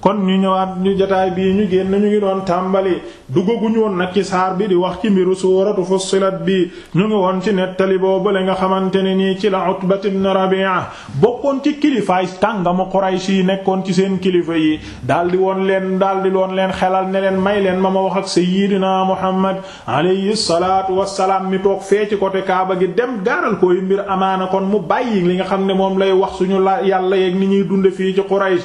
kon ñu ñëwaat ñu jotaay bii ñu génn ñu ngi doon tàmbali duggaguñu woon nag ci saar bi di wax ci mbiru suuratu Fussilat bi ñu ngi woon ci nettali boobale nga xamante ne nii ci la Utbat ibn Rabi'a bokkoon ci kilifaay tàngama Quraysh yi nekkoon ci seen kilifa yi daldi woon leen daldi loon leen xelal ne leen may leen ma ma wax ak sayyidina Muhammad alayhi salaatu wassalaam mi toog fee ci côté Kaaba gi dem gaaral koy mbir amaana kon mu bàyyi li nga xam ne moom lay wax suñu la yàlla yeeg ni ñuy dunde fii ci Quraysh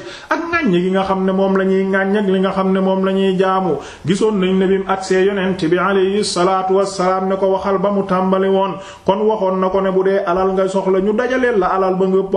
ŋàññ nga xam ne moom la ñuy ŋàññ ak li nga xam ne moom la ñuy jaamu gisoon nañ ne bi mu agsee yonent bi alayhi salaatu wassalaam ne ko waxal ba mu tàmbali woon kon waxoon na ko ne bu dee alal nga soxla ñu dajaleel la alal ba nga ëpp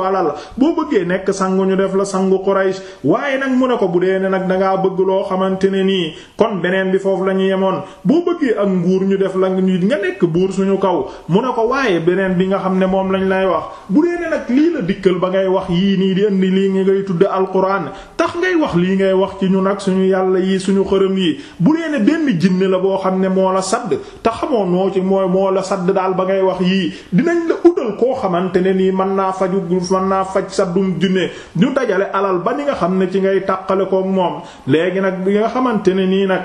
boo bëggee nekk sangu ñu def la sangu Quraysh waaye nag mu ne ko bu dee ne nag dangaa bëgg loo xamante ne nii kon beneen bi foofu la ñu yemoon boo bëggee ak nguur ñu def la nga nekk buur suñu kaw mu ne ko waaye beneen bi nga xam ne moom lañ lay wax bu dee ne lii la dikkal ba ngay wax yii nii di indi lii nga ngay tudde alquran tax ngay wax lii ngay wax ci ñu nag suñu yàlla yi suñu xërëm yi bu dee benn jinne la boo xam ne moo la sadd te xamoo noo ci mooy moo la sadd daal ba ngay wax yii dinañ la utal koo xamante ne nii mën naa faju mën naa faj saddum jinne ñu dajale alal ba ni nga xam ne ci ngay tàqale ko moom léegi nag bi nga xamante ne nii nag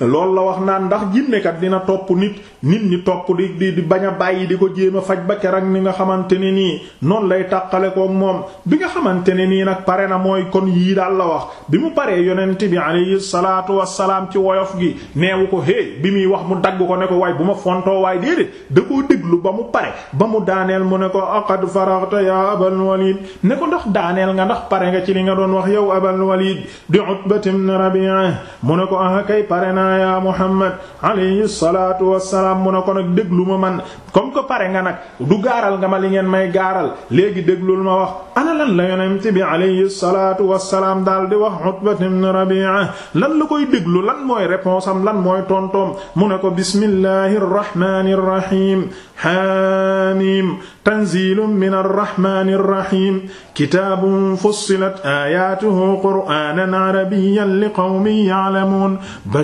loolu la wax naan ndax jinnekat dina topp nit nit ñi topp di di di bañ a bàyyi di ko jéem a faj ba keroog ni nga xamante ne nii noonu lay tàqale ko moom bi nga xamante ne nii nag pare na mooy kon yii daal la wax bi mu paree yonent bi alayhi salaatu wassalaam ci woyof gi neewu ko hey bi muy wax mu dagg ko ne ko waay bu ma fontoo waay déedéet da koo déglu ba mu pare ba mu daaneel mu ne ko aqad faraghta ya abal walid ne ko ndax daaneel nga ndax pare nga ci li nga doon wax yow abal walid di utbat pare naa yaa Muhammad alayhi salaatu wassalaam mu ne ko nag déglu ma man comme que pare nga nag du gaaral nga ma li ngeen may gaaral léegi déglul ma wax ana lan la yonent bi alayhi salaatu wassalaam daal di wax Utba ibn Rabi'a lan la koy déglu lan mooy réponse am lan mooy tontoom mu ne ko bismillahir rahmanir rahim hamim tanzilun minar rahmanir rahim kitaabun fussilat ayatuhu qur'anan arabiyyan liqawmin ya'lamun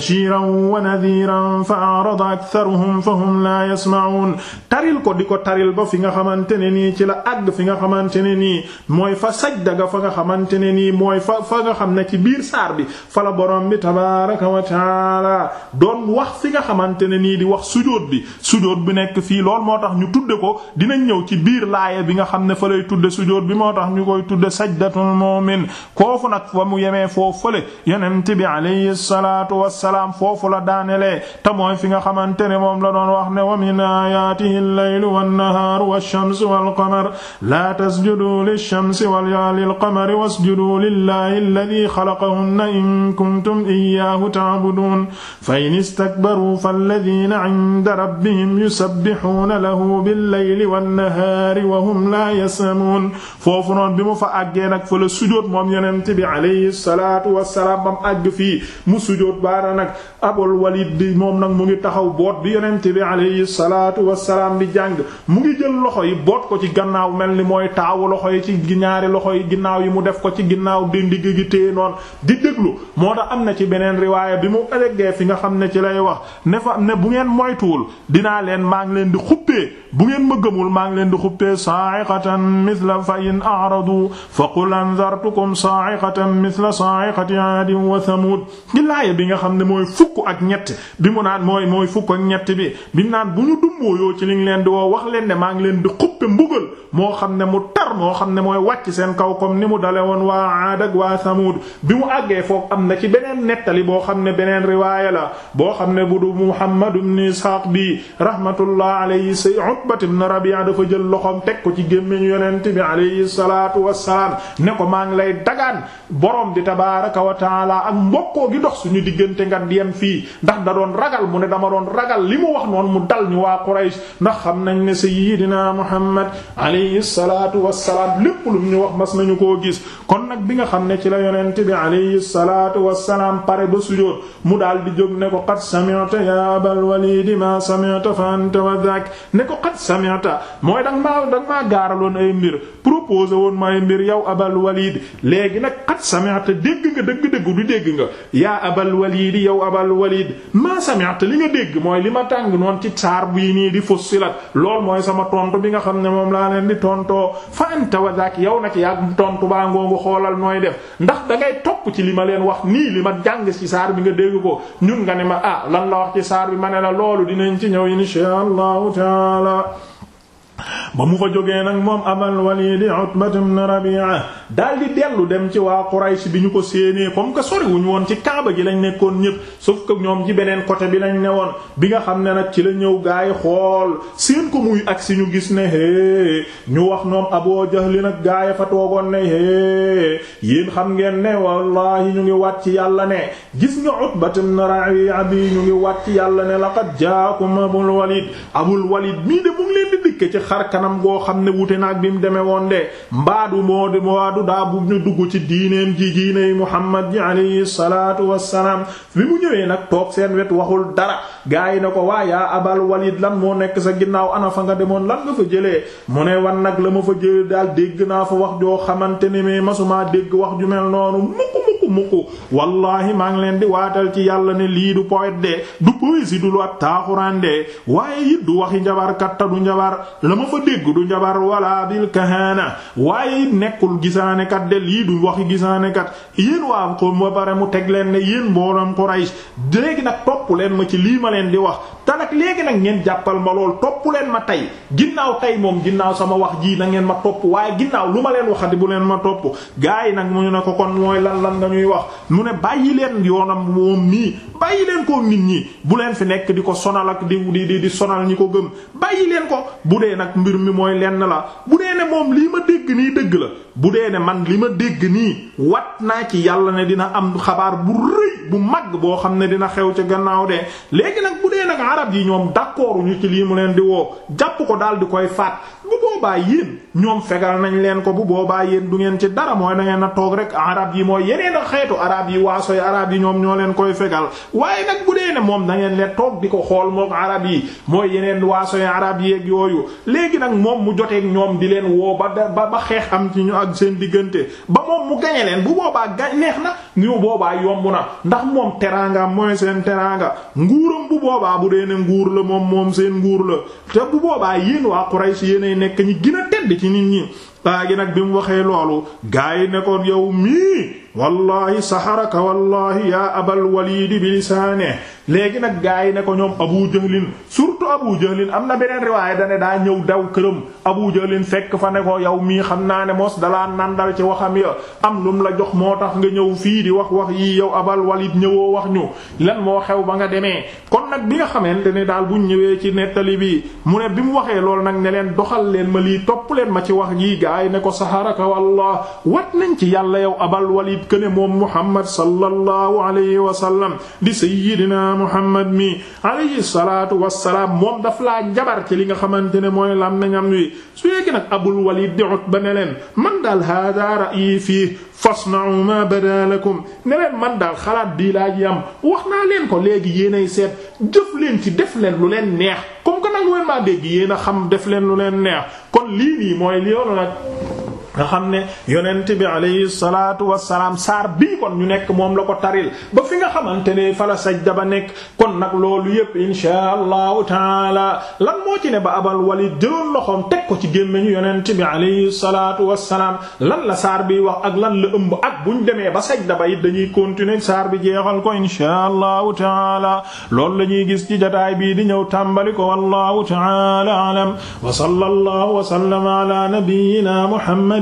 bashiran wa nadhiran fa a'rada aktharuhum fa hum la ko di ko taril ba fi nga xamante ne nii ci la àgg fi nga xamante ne nii mooy fa sajda ga fa nga xamante ne nii mooy fa fa nga xam ne ci biir saar bi fa la borom bi tabaaraka wa taala doon wax fi nga xamante ne nii di wax sujóot bi sujóot bi nekk fii lool moo tax ñu tudde ko dinañ ñëw ci biir laaya bi nga xam ne fa lay tudde sujóot bi moo tax ñu koy tudde sajdatul mu'min koofu nag fa mu yemee foofu fële yonent bi alayhi salaatu wassalaam wassalaam foofu la daanelee te mooy fi nga xamante ne moom la doon wax ne wa min ayaatihi al-laylu wan-nahaaru wash-shamsu wal-qamaru laa tasjuduu lish-shamsi wala lil-qamari wasjuduu lillahi alladhi khalaqahunna in kuntum iyyaahu ta'buduun fa in istakbaruu falladhiina 'inda rabbihim yusabbihuuna lahu bil-layli wan-nahaari wa hum laa yas'amuun foofu noonu bi mu fa àggee nag fa la sujóot moom yonent bi alayhi salaatu wassalaam bam àgg fii mu sujóot la nag abul walid di moom nag mu ngi taxaw boot bi yonent bi alayhi salaatu wassalaam di jàng mu ngi jël loxo yi boot ko ci gannaaw mel ni mooy taawu loxo yi ci ñaari loxo yi ginnaaw yi mu def ko ci ginnaaw di ndigg gi téye noonu di déglu moo tax am na ci beneen riwaaya bi mu eggee fi nga xam ne ci lay wax ne fa ne bu ngeen moytuwul dinaa leen maa ngi leen di xuppee bu ngeen ma gëmul maa ngi leen di xuppee sa'iqatan mithla fa in a'radu fa qul anzartukum sa'iqatan mithla sa'iqati 'adin wa ne mooy fukk ak ñett bi mu naan mooy mooy fukk ak ñett bi bi mu naan bu ñu dumboo ci liñ leen di woo wax leen ne maa ngi leen di xuppe mbugal moo xam ne mu tar moo xam ne mooy wàcc seen kaw comme ni mu dale woon waa Aad ak waa Samuud bi mu àggee foofu am na ci beneen nettali boo xam ne beneen riwaaya la boo xam ne bu du Muhammad ibn Ishaq bi rahmatullah alayhi say Utbat a Rabi'a dafa jël loxoom teg ko ci gémmiñu yonent bi alayhi salaatu wassalaam ne ko maa ngi lay dagaan borom di tabaaraka wa ta'aala ak mbokkoo nga yem fii ndax da doon ragal mu ne dama doon ragal li mu wax noonu mu dal ñu waa Quraysh ndax xam nañ ne sayyidina Muhammad alayhi salaatu wassalaam lépp lu ñu wax mas nañu koo gis kon nag bi nga xam ne ci la yonent bi alayhi salaatu wassalaam pare ba sujóot mu daal di jóg ne ko qad sami'ta ya abal walid ma sami'ta fa anta wa dhak ne ko qad mooy danga maa danga maa gaaraloon ay mbir proposé woon ma ay mbir yow abal walid léegi nag qad sami'ta dégg nga dëgg du dégg nga ya abal yi yow abal walid maa sami'ta li nga dégg mooy li ma tàng noon ci saar bii nii di fussilat lool mooy sama tontu bi nga xam ne moom laa leen di tontoo fa anta wa zak yow nag yàgg tontu baa ngoongu xoolal nooy def ndax da ngay topp ci li ma leen wax nii li ma jàng ci saar bi nga dégg ko ñun nga ne ma ah lan la wax ci saar bi ma ne la loolu dinañ ci ñëw insha allahu taala ba mu fa jógee nag moom abal walidi utbat ibn rabi'a daal di dellu dem ci waa Quraysh bi ñu ko séenee que sori woon ci kaaba gi lañ nekkoon ñëpp sauf que ñoom ci beneen côté bi lañ newoon bi nga xam ne nag ci la ñëw gaay yi xool seen ko ak si ñu gis ne ñu wax ñoom Abu Jahl nag gaay yi fa toogoon ne é xam ngeen ne wallahi ñu ngi wàcc yàlla ne gis nga utbat ibn rabi'a ñu ngi wàcc yàlla ne laqad jaakum abul walid abul walid mii de mu ngi leen ci xar kanam goo xam ne wute naag bi mu demee woon de mbaadu moo di mbaadu daa bu ñu dugg ci diineem ji diiney Muhammad ji alayhi salaatu wassalaam bi mu ñëwee nag toog seen wet waxul dara gaa yi ne ko waaye yaa abal walid lan moo nekk sa ginnaaw ana fa nga demoon lan nga fa jëlee mu ne wan nag la ma fa jële daal dégg naa fa wax joo xamante ne mais masumaa dégg wax ju mel noonu mukk muqu wallahi maa ngi leen di waatal ci yàlla ne lii du poète de du poésie du lu ab taaxuraan de waaye it du waxi njabar katta du njabar la ma fa dégg du njabar wala bil kahana waaye it nekkul gisaanekat de lii du waxi gisaanekat yéen waa ko ma bare mu teg leen ne yéen mbooloom Quraysh léegi nag topp leen ma ci lii ma leen di wax te léegi nag ngeen jàppal ma loolu topp leen ma tey ginnaaw tey moom ginnaaw sama wax ji na ngeen ma topp waaye ginnaaw lu ma leen waxati bu leen ma topp gars yi nag mu ne ko kon mooy lan lan nga ñuy wax mu ne bàyyi leen yoonam moom nii bàyyi leen ko nit ñi bu leen fi nekk di ko sonal ak di di di sonal ñi ko gën bàyyi leen ko bu dee nag mbir mi mooy lenn la bu dee ne moom lii ma dégg nii dëgg la bu dee ne man li ma dégg nii wat naa ci yàlla ne dina am xabaar bu rëy bu mag boo xam ne dina xew ci gannaaw de léegi nag bu dee nag arab yi ñoom d'accordu ñu ci lii mu leen di woo jàpp ko daal di koy faat bu boobaa yéen ñoom fegal nañ leen ko bu boobaa yéen du ngeen ci dara mooy da ngeen a toog rek arab yi mooy yeneen a xeetu arab yi waasoy arab yi ñoom ñoo leen koy fegal moom da ngeen leen toog di ko xool moom arab yi mooy yeneen waasoy arab yi ak yooyu léegi nag moom mu joteek ñoom di leen woo ba ba ba xeex am ci ñu ak seen diggante ba moom mu gañe leen bu boobaa gañ neex na ñu boobaa yomb na ndax moom teraangaam mooy seen teraanga nguuram bu boobaa bu dee ne nguur la moom moom seen nguur la te bu boobaa yéen waa Quraysh yéen ñooy nekk ñi gën a ci nit ñi paa gi nag bi mu waxee loolu gaa yi ne ko yow mii wallahi saxaraka wallahi yaa abal waliidi bi lisaane léegi nag gaa yi ne ko ñoom abu jahlin surtout abu jahlin am na beneen riwaaya dane daa ñëw daw këram abu jahlin fekk fa ne ko yow mii xam naa ne mos dalaa nandal ci waxam ya am lum la jox moo tax nga ñëw fii di wax wax yii yow abal waliid ñëwoo wax ñu lan moo xew ba nga demee kon nag bi nga xamante ne daal buñ ñëwee ci nettali bi mu ne bi mu waxee loolu nag ne leen doxal leen ma lii topp leen ma ci wax yii gaay ne ko saxaraka wallah wat nañ ci yàlla yow abal walid këne moom muhammad sallallahu alayhi wa sallam di sayyidina muhammad mi alayhi salaatu wassalaam moom daf laa jabar ci li nga xamante ne mooy lam nañam wi su yéegi abul walid di utba ne leen man daal hada ra'yi fii fasna'u ma bada lakum ne man daal xalaat bii laa ji am wax naa leen ko léegi yéenay seet jëf leen ci def leen lu leen neex leen woon dégg yéen a xam def leen lu leen neex kon lii nii mooy li yoonu nag nga xam ne yonent bi alayhi saar bii kon ñu nekk moom la ko taril ba fi nga xamante ne fala sajda ba nekk kon nag loolu yépp inshaa allahu taala lan moo ci ne ba abal walid jëloon loxoom teg ko ci gémmiñu yonent bi alayhi salaatu wassalaam lan la saar bi wax ak lan la ëmb ak buñ demee ba sajda ba it dañuy continuer saar bi jeexal ko inshaa allahu taala loolu la ñuy gis ci jotaay bii di ñëw tàmbali ko wallahu taala alam wa sallallahu wa sallama ala nabiyyina muhammad